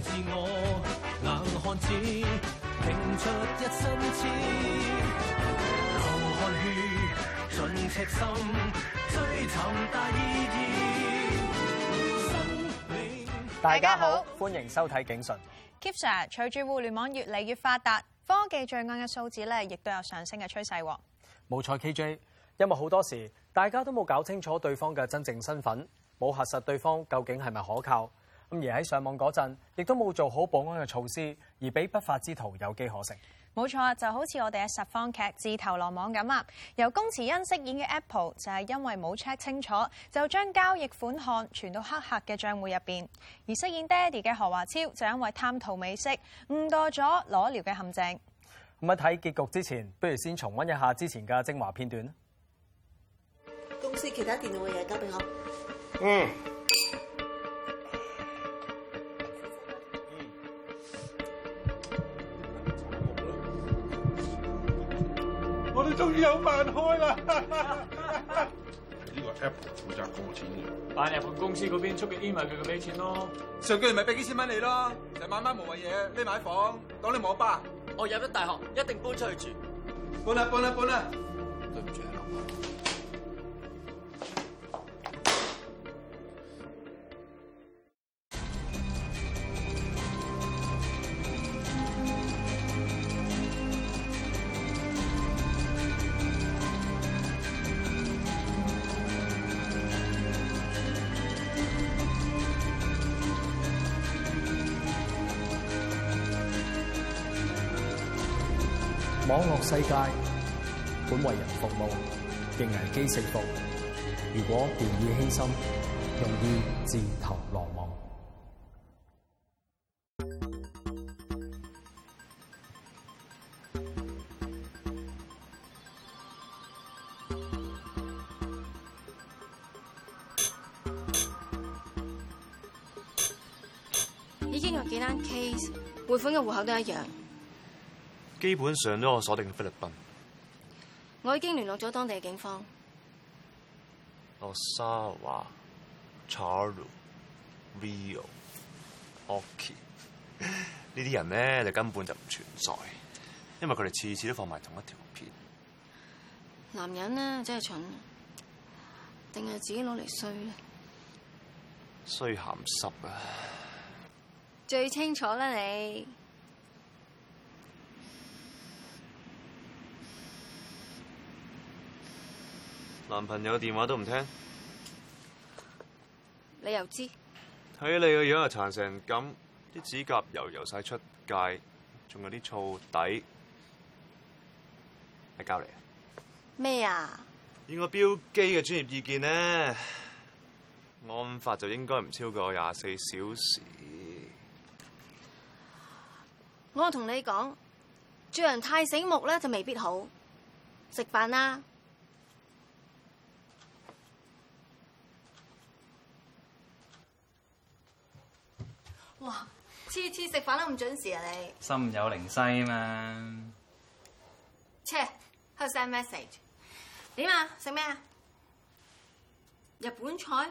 自我，冷汗似，拼出一身流汗血，盡赤心，追尋大意義。生命。大家好，歡迎收睇警訊。Keep Sir，隨住互聯網越嚟越發達，科技罪案嘅數字咧，亦都有上升嘅趨勢。冇錯 KJ，因為好多時大家都冇搞清楚對方嘅真正身份，冇核實對方究竟係咪可靠。而喺上網嗰陣，亦都冇做好保安嘅措施，而俾不法之徒有機可乘。冇錯，就好似我哋嘅十方劇《自投羅網》咁啊。由龔慈恩飾演嘅 Apple 就係因為冇 check 清楚，就將交易款項傳到黑客嘅賬戶入邊。而飾演爹哋嘅何華超就因為貪圖美色，誤墮咗裸聊嘅陷阱。咁喺睇結局之前，不如先重温一下之前嘅精華片段。公司其他電腦嘅嘢交俾我。嗯。終於有萬開啦！ 呢個 Apple 負責付錢嘅，辦入去公司嗰邊，出嘅 email 佢就俾錢咯。上個月咪俾幾千蚊你咯，成萬蚊冇乜嘢，拎買房，當你網吧。我入咗大學，一定搬出去住。搬啦，搬啦，搬啦。對唔住老婆網絡世界本為人服務，仍危機四伏。如果掉以輕心，容易自投羅網。已經有幾單 case 匯款嘅戶口都一樣。基本上都係我鎖定嘅菲律賓，我已經聯絡咗當地嘅警，警方。洛、哦、沙華、查魯、維奧、奧基呢啲人咧就根本就唔存在，因為佢哋次次都放埋同一條片。男人咧真係蠢，定係自己攞嚟衰咧？衰鹹濕啊！最清楚啦，你。.男朋友嘅電話都唔聽，你又知？睇你個樣又殘成咁，啲指甲油油晒出界，仲有啲醋底，係膠嚟啊？咩啊麼？以我標機嘅專業意見呢？案發就應該唔超過廿四小時。我同你講，做人太醒目咧就未必好。食飯啦。哇！次次食飯都唔準時啊你，你心有靈犀嘛？切，n 聲 message。點啊？食咩啊？日本菜？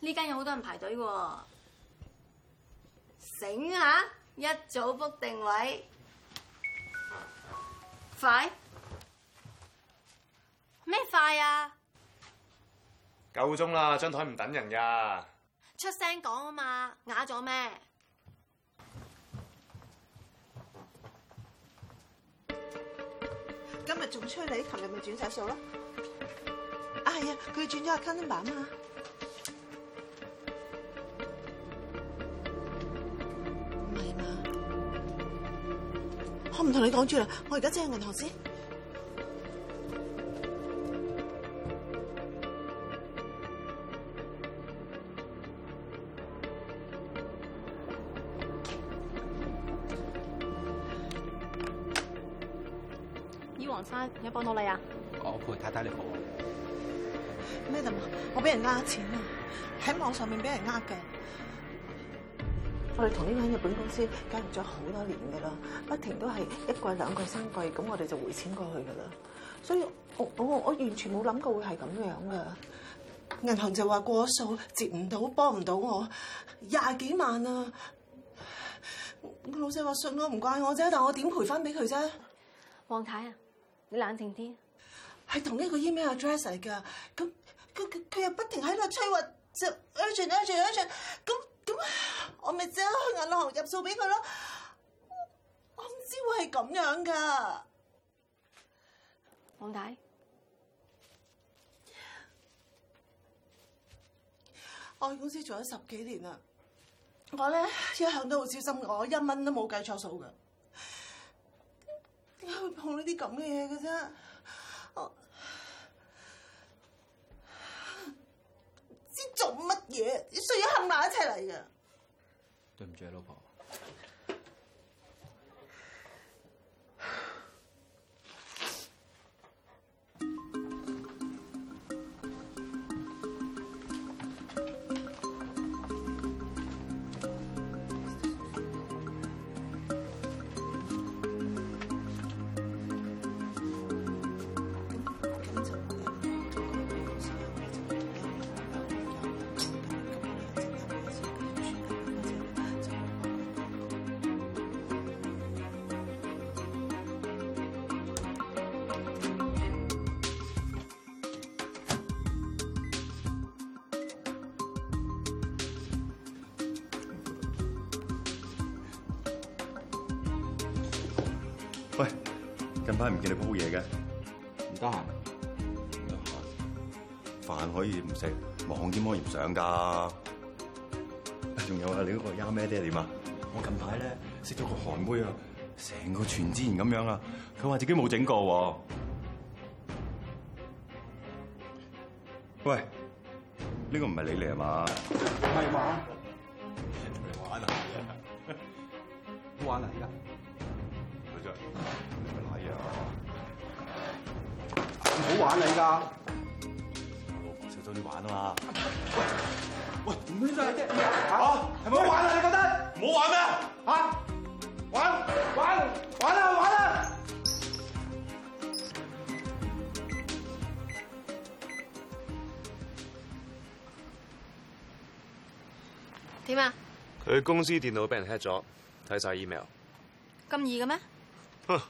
呢間有好多人排隊喎。醒啊一，一早 book 定位。快，快咩快啊？夠鐘啦，張台唔等人噶。出聲講啊嘛，啞咗咩？今日仲催你，琴日咪轉晒數咯！啊，係啊，佢轉咗阿 Kenba 啊嘛，唔係嘛？我唔同你講住啦，我而家即去銀行先。錢啊，喺網上面俾人呃嘅。我哋同呢間日本公司交易咗好多年噶啦，不停都係一季、兩季，季、三季，咁我哋就回錢過去噶啦。所以我，我我我完全冇諗過會係咁樣噶。銀行就話過數，接唔到，幫唔到我，廿幾萬啊！老細話信我唔怪我啫，但係我點賠翻俾佢啫？黃太啊，你冷靜啲。係同一個 email address 嚟噶，咁。佢佢又不停喺度吹話，就 urgent urgent urgent 咁，咁我咪即刻去銀行入數俾佢咯。我唔知會係咁樣噶，王大，我喺公司做咗十幾年啦，我呢一向都好小心，我一蚊都冇計錯數㗎。點解會碰呢啲咁嘅嘢嘅啫？嘢，需要合埋一齊嚟嘅。對唔住，啊老婆。近排唔見你煲嘢嘅，唔得閒。飯可以唔食，網點可以唔上噶？仲有啊，你嗰個丫咩爹點啊？我近排咧識咗個韓妹啊，成個全自然咁樣啊，佢話自己冇整過喎。喂，呢個唔係你嚟啊嘛？唔係嘛？玩啊！玩啊！佢就。唔好，好玩啊！我老婆，少咗你玩啊嘛！喂喂，唔好再嚟啫！啊，係唔好玩啊？你覺得？唔好玩咩，啊？嚇、啊！玩玩玩啦玩啦！點啊？佢、啊、樣公司電腦俾人 hack 咗，睇晒 email。咁易嘅咩？哼！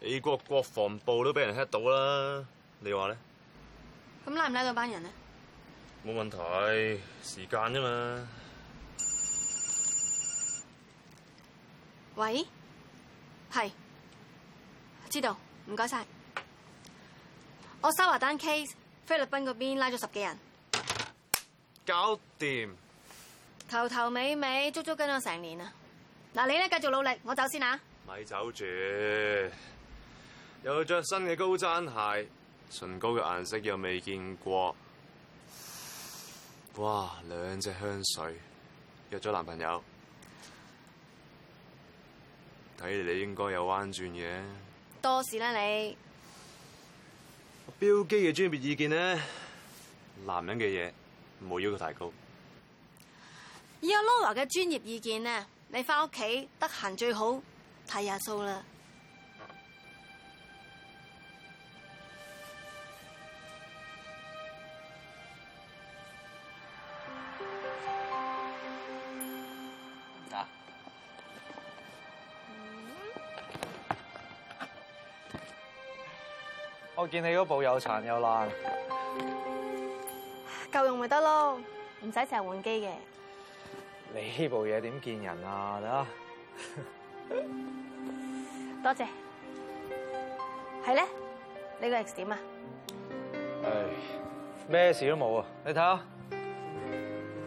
美國國防部都俾人 hack 到啦。你話咧？咁拉唔拉到班人咧？冇問題，時間啫嘛。喂，係，知道，唔該晒。我收咗單 case，菲律賓嗰邊拉咗十幾人，搞掂。頭頭尾尾足足跟咗成年啊！嗱，你咧繼續努力，我走先啦。咪走住，又要着新嘅高踭鞋。唇膏嘅顏色又未見過，哇！兩隻香水，約咗男朋友，睇嚟你應該有彎轉嘅。多事啦你，我標機嘅專業意見呢，男人嘅嘢唔好要求太高。以阿 Lora 嘅專業意見呢，你翻屋企得閒最好，睇下數啦。我見你嗰部又殘又爛，夠用咪得咯，唔使成日換機嘅。你呢部嘢點見人啊？得， 多謝。係咧，呢個 X 點啊？唉，咩事都冇啊！你睇下，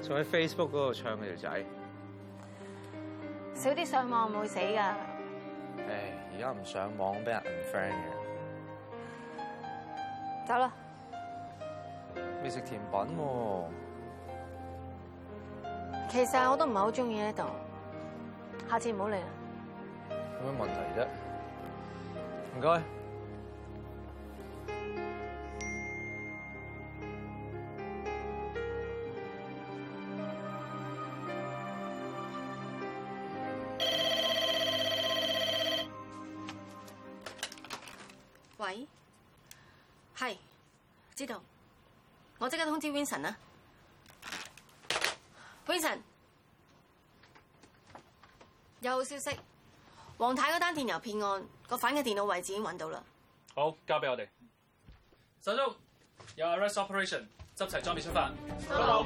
仲喺 Facebook 嗰度唱佢條仔。少啲上網唔會死噶。唉，而家唔上網俾人 unfriend 嘅。走啦！未食甜品喎，啊。其實我都唔係好鍾意呢度，下次唔好嚟啦。有咩問題啫？唔該。我即刻通知 Vincent 啊。Vincent，有消息，黃太嗰單電郵騙案個反嘅電腦位置已經搵到啦。好，交俾我哋。手長，有 arrest operation，執齊裝備出發。收到。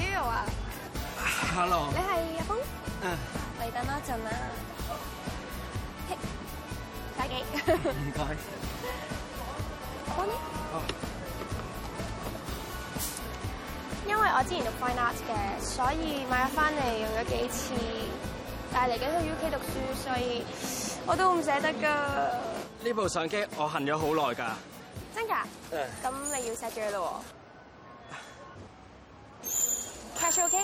You Hello 啊！Hello，你係阿峰？嗯、uh，嚟等多陣啦。嘿謝，打機 呢。唔該。峰，因為我之前讀 fine art 嘅，所以買返嚟用咗幾次，但係嚟緊去 UK 讀書，所以我都唔捨得㗎。呢部相機我恨咗好耐㗎。真㗎？誒。咁你要寫住啦喎。cash OK？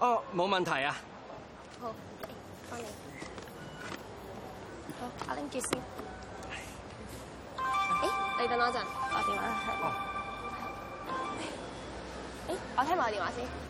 哦，冇問題啊。好、欸，幫你。好，我拎住先。誒、欸，你等我陣，我電話。哦、欸。我聽埋電話先。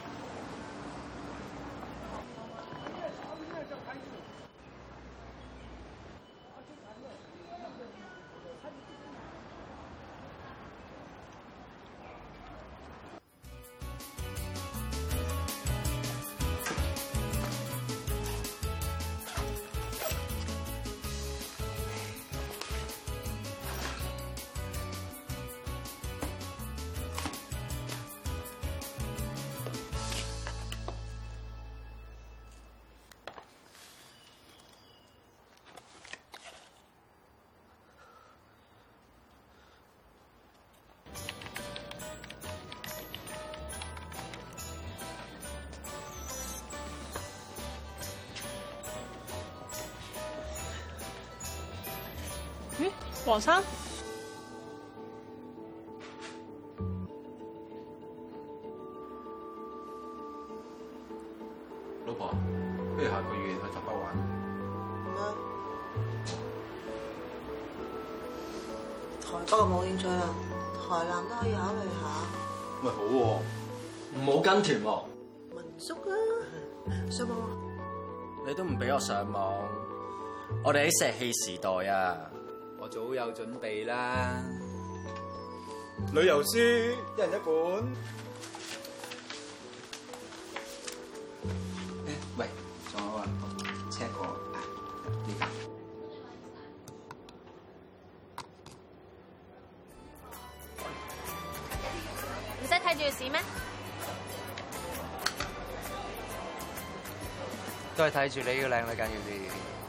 黃生，老婆，不如下個月去台北玩。咩？台北冇興趣啊，台南都可以考慮下。咪好喎，啊，唔好跟團，啊。民宿啊，上網，啊。你都唔俾我上網，我哋喺石器時代啊！早有準備啦，旅遊書一人一本。誒，喂，仲有啊，check 過啊，呢個唔使睇住事咩？都係睇住你個靚女緊要啲。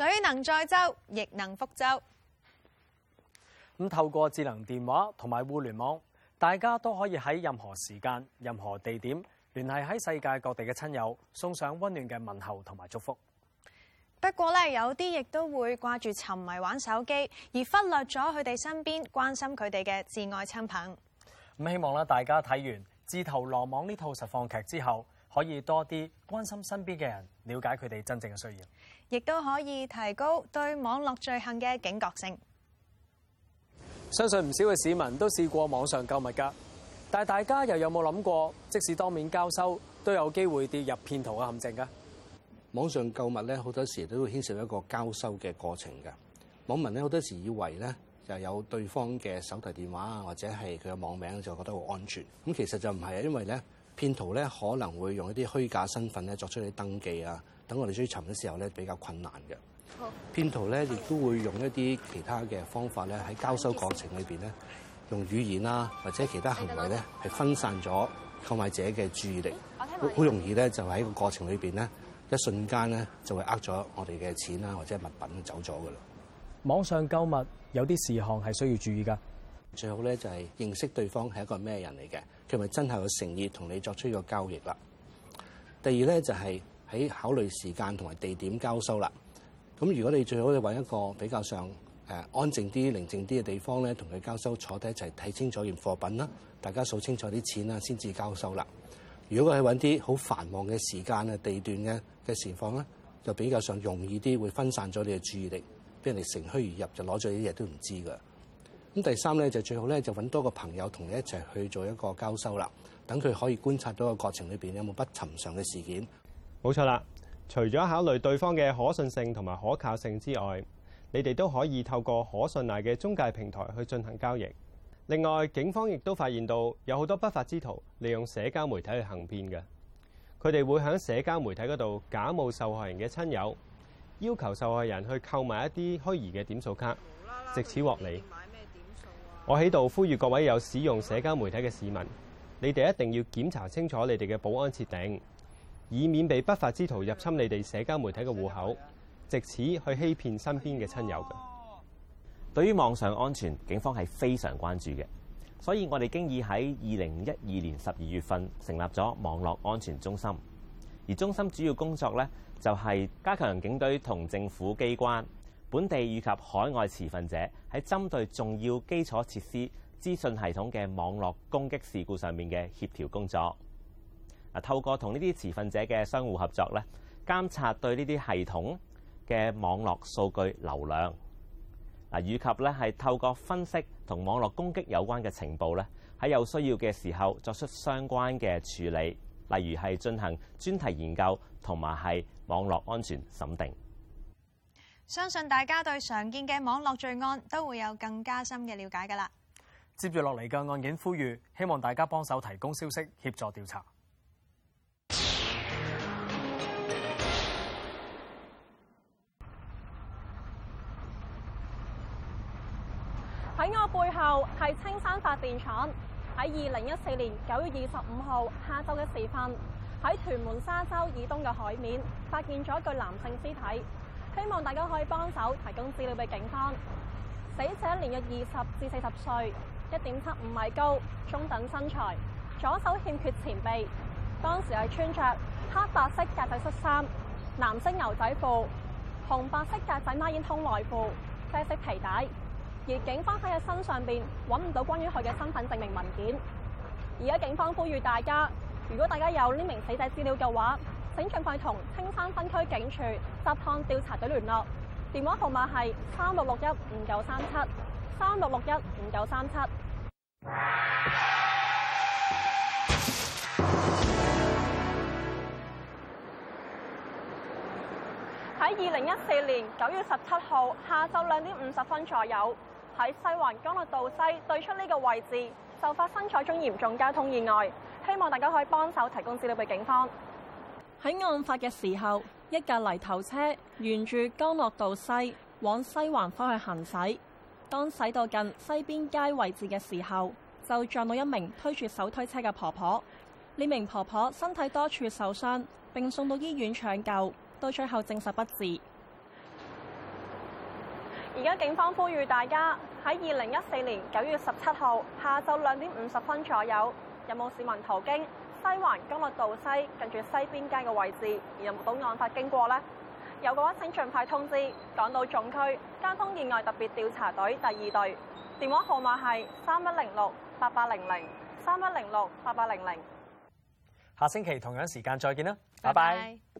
水能載舟，亦能覆舟。咁透過智能電話同埋互聯網，大家都可以喺任何時間、任何地點聯繫喺世界各地嘅親友，送上溫暖嘅問候同埋祝福。不過咧，有啲亦都會掛住沉迷玩手機，而忽略咗佢哋身邊關心佢哋嘅摯愛親朋。咁希望咧，大家睇完《自投羅網》呢套實況劇之後，可以多啲關心身邊嘅人，了解佢哋真正嘅需要。亦都可以提高對網絡罪行嘅警覺性。相信唔少嘅市民都試過網上購物噶，但係大家又有冇諗過，即使當面交收都有機會跌入騙徒嘅陷阱噶？網上購物咧，好多時都會牽涉一個交收嘅過程噶。網民咧，好多時以為咧，就有對方嘅手提電話啊，或者係佢嘅網名，就覺得好安全。咁其實就唔係，因為咧騙徒咧可能會用一啲虛假身份咧作出啲登記啊。等我哋追尋嘅時候咧，比較困難嘅。騙好徒咧亦都會用一啲其他嘅方法咧，喺交收過程裏邊咧，用語言啊或者其他行為咧，係分散咗購買者嘅注意力，好容易咧就喺個過程裏邊咧，一瞬間咧就會呃咗我哋嘅錢啊或者物品走咗噶啦。網上購物有啲事項係需要注意噶。最好咧就係認識對方係一個咩人嚟嘅，佢咪真係有誠意同你作出一個交易啦。第二咧就係、是。喺考慮時間同埋地點交收啦。咁如果你最好就揾一個比較上誒安靜啲、寧靜啲嘅地方咧，同佢交收，坐低一齊睇清楚件貨品啦。大家數清楚啲錢啦，先至交收啦。如果佢係揾啲好繁忙嘅時間啊、地段嘅嘅情況咧，就比較上容易啲，會分散咗你嘅注意力，俾人哋乘虛而入，就攞咗啲嘢都唔知噶。咁第三咧就最好咧就揾多個朋友同你一齊去做一個交收啦。等佢可以觀察到個過程裏邊有冇不尋常嘅事件。冇錯啦，除咗考慮對方嘅可信性同埋可靠性之外，你哋都可以透過可信賴嘅中介平台去進行交易。另外，警方亦都發現到有好多不法之徒利用社交媒體去行騙嘅。佢哋會喺社交媒體嗰度假冒受害人嘅親友，要求受害人去購買一啲虛擬嘅點數卡，藉此獲利。無無我喺度呼籲各位有使用社交媒體嘅市民，無無你哋一定要檢查清楚你哋嘅保安設定。以免被不法之徒入侵你哋社交媒體嘅戶口，藉此去欺騙身邊嘅親友嘅。對於網上安全，警方係非常關注嘅，所以我哋經已喺二零一二年十二月份成立咗網絡安全中心，而中心主要工作咧就係、是、加強警隊同政府機關本地以及海外持份者喺針對重要基礎設施資訊系統嘅網絡攻擊事故上面嘅協調工作。嗱，透過同呢啲持份者嘅相互合作咧，監察對呢啲系統嘅網絡數據流量嗱，以及咧係透過分析同網絡攻擊有關嘅情報咧，喺有需要嘅時候作出相關嘅處理，例如係進行專題研究同埋係網絡安全審定。相信大家對常見嘅網絡罪案都會有更加深嘅了解㗎啦。接住落嚟嘅案件呼籲，希望大家幫手提供消息，協助調查。係青山發電廠喺二零一四年九月二十五號下晝嘅時分，喺屯門沙洲以東嘅海面發現咗具男性屍體，希望大家可以幫手提供資料俾警方。死者年約二十至四十歲，一點七五米高，中等身材，左手欠缺前臂。當時係穿着黑白色格仔恤衫、藍色牛仔褲、紅白色格仔孖煙通內褲、啡色皮帶。而警方喺佢身上邊揾唔到關於佢嘅身份證明文件，而家警方呼籲大家，如果大家有呢名死者資料嘅話，請盡快同青山分區警署集碳調查隊聯絡，電話號碼係三六六一五九三七，三六六一五九三七。喺二零一四年九月十七號下晝兩點五十分左右，喺西環江樂道西對出呢個位置就發生咗一宗嚴重交通意外，希望大家可以幫手提供資料俾警方。喺案發嘅時候，一架泥頭車沿住江樂道西往西環方向行駛，當駛到近西邊街位置嘅時候，就撞到一名推住手推車嘅婆婆。呢名婆婆身體多處受傷，並送到醫院搶救，到最後證實不治。而家警方呼籲大家喺二零一四年九月十七號下晝兩點五十分左右，有冇市民途經西環干諾道西近住西邊街嘅位置，而有冇到案發經過呢？有嘅話，請盡快通知港島總區交通意外特別調查隊第二隊，電話號碼係三一零六八八零零三一零六八八零零。800, 下星期同樣時間再見啦，拜拜 bye。Bye bye